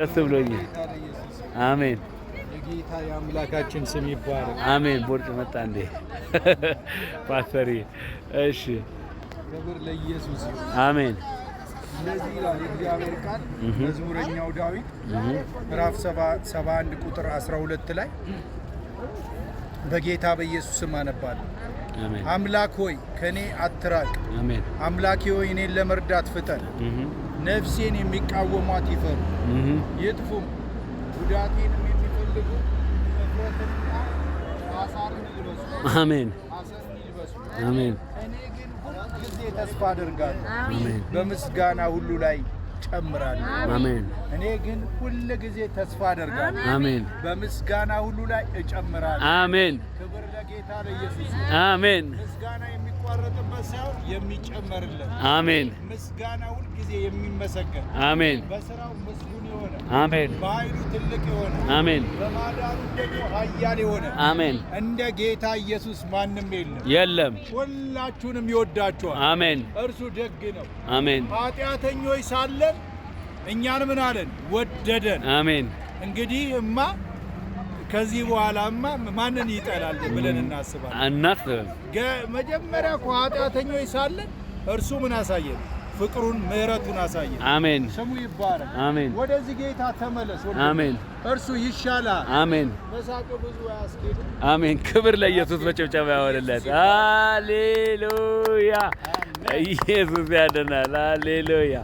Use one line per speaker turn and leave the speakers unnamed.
ደስ ብሎኛል። አሜን። የጌታ የአምላካችን ስም ይባረክ። አሜን። ቦርጭ መጣ እንዴ ፓስተር? እሺ፣ ክብር ለኢየሱስ። አሜን። እንደዚህ ይላል የእግዚአብሔር ቃል
መዝሙረኛው ዳዊት ምዕራፍ 71 ቁጥር 12 ላይ በጌታ በኢየሱስ ስም አነባለሁ አምላክ ሆይ ከኔ አትራቅ። አሜን። አምላኬ ሆይ እኔን ለመርዳት ፍጠን። ነፍሴን የሚቃወሟት ይፈሩ ይጥፉም፣ ጉዳቴንም የሚፈልጉ
አሜን አሜን። እኔ ግን ሁልጊዜ
ተስፋ አደርጋለሁ በምስጋና ሁሉ ላይ ጨምራለሁ። አሜን። እኔ ግን ሁል ጊዜ ተስፋ አደርጋለሁ። አሜን። በምስጋና ሁሉ ላይ እጨምራለሁ።
አሜን። ክብር ለጌታ ለኢየሱስ። አሜን። ምስጋና የሚ የሚቋረጥበት ሳይሆን የሚጨመርለት። አሜን። ምስጋና ሁል ጊዜ የሚመሰገን። አሜን። በስራው ምስጉን የሆነ አሜን። በኃይሉ ትልቅ የሆነ አሜን። በማዳኑ ደግሞ ኃያል የሆነ አሜን።
እንደ ጌታ ኢየሱስ ማንም የለም የለም። ሁላችሁንም ይወዳችኋል። አሜን። እርሱ ደግ ነው። አሜን። ኃጢአተኞች ሳለን እኛን ምን አለን? ወደደን። አሜን። እንግዲህ እማ ከዚህ በኋላማ ማንን ይጠላል ብለን እናስባለን። እናት መጀመሪያ እኮ ኃጢአተኞች ሳለን እርሱ ምን አሳየን? ፍቅሩን ምሕረቱን አሳየን። አሜን። ስሙ ይባረክ። አሜን። ወደዚህ ጌታ ተመለስ። አሜን። እርሱ ይሻላል።
አሜን። መሳቅ ብዙ ያስኬድ። አሜን። ክብር ለኢየሱስ በጭብጨባ ያወለለት። ሃሌሉያ! ኢየሱስ ያድናል። ሃሌሉያ!